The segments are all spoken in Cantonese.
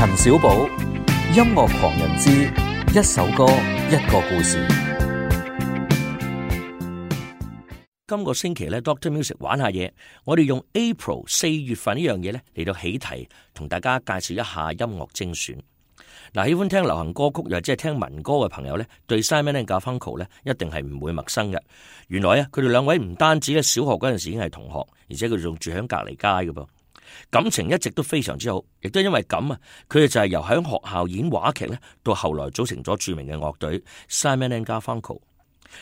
陳少寶，音樂狂人之一首歌一個故事。今個星期咧，Doctor Music 玩下嘢，我哋用 April 四月份呢樣嘢咧嚟到起題，同大家介紹一下音樂精選。嗱、啊，喜歡聽流行歌曲又或者係聽民歌嘅朋友咧，對 Simon and Garfunkel 咧一定係唔會陌生嘅。原來啊，佢哋兩位唔單止咧小學嗰陣時已經係同學，而且佢仲住喺隔籬街嘅噃。感情一直都非常之好，亦都因為咁啊，佢哋就係由喺學校演話劇咧，到後來組成咗著名嘅樂隊 Simon & Garfunkel。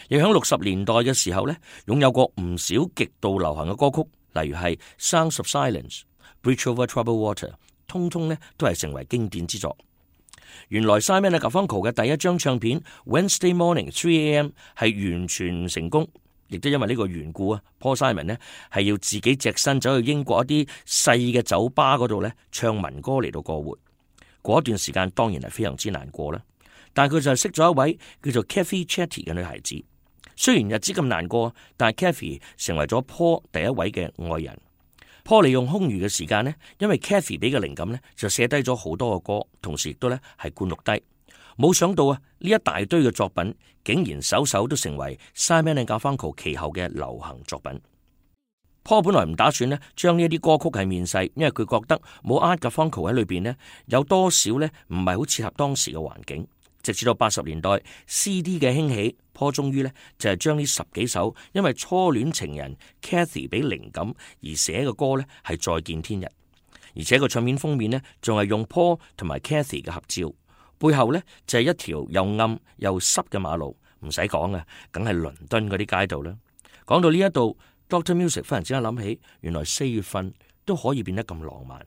亦喺六十年代嘅時候咧，擁有過唔少極度流行嘅歌曲，例如係《Sounds of Silence》、《Bridge over Troubled Water》，通通咧都係成為經典之作。原來 Simon & Garfunkel 嘅第一張唱片《Wednesday Morning, 3 A.M.》係完全唔成功。亦都因為呢個緣故啊 Paul Simon 呢，係要自己隻身走去英國一啲細嘅酒吧嗰度咧，唱民歌嚟到過活。嗰段時間當然係非常之難過啦，但係佢就識咗一位叫做 Kathy Chetty 嘅女孩子。雖然日子咁難過，但係 Kathy 成為咗 Paul 第一位嘅愛人。Paul 利用空餘嘅時間呢，因為 Kathy 俾嘅靈感咧，就寫低咗好多嘅歌，同時亦都咧係灌錄低。冇想到啊！呢一大堆嘅作品，竟然首首都成為 Simon and Garfunkel 其後嘅流行作品。坡本來唔打算咧，將呢啲歌曲係面世，因為佢覺得冇 Art Garfunkel 喺裏邊呢，有多少呢？唔係好切合當時嘅環境。直至到八十年代 CD 嘅興起，坡終於呢就係、是、將呢十幾首因為初戀情人 Kathy 俾靈感而寫嘅歌呢係再見天日，而且個唱片封面呢，仲係用坡同埋 Kathy 嘅合照。背後咧就係一條又暗又濕嘅馬路，唔使講啊，梗係倫敦嗰啲街道啦。講到呢一度，Doctor Music 忽然之間諗起，原來四月份都可以變得咁浪漫。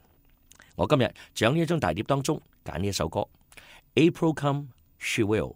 我今日就喺呢一張大碟當中揀呢一首歌，《April Come She Will》。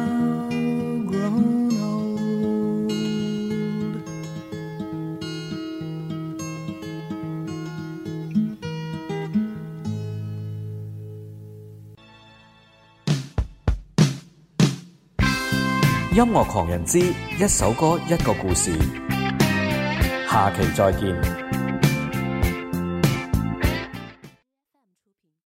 音樂狂人之一首歌一個故事，下期再見。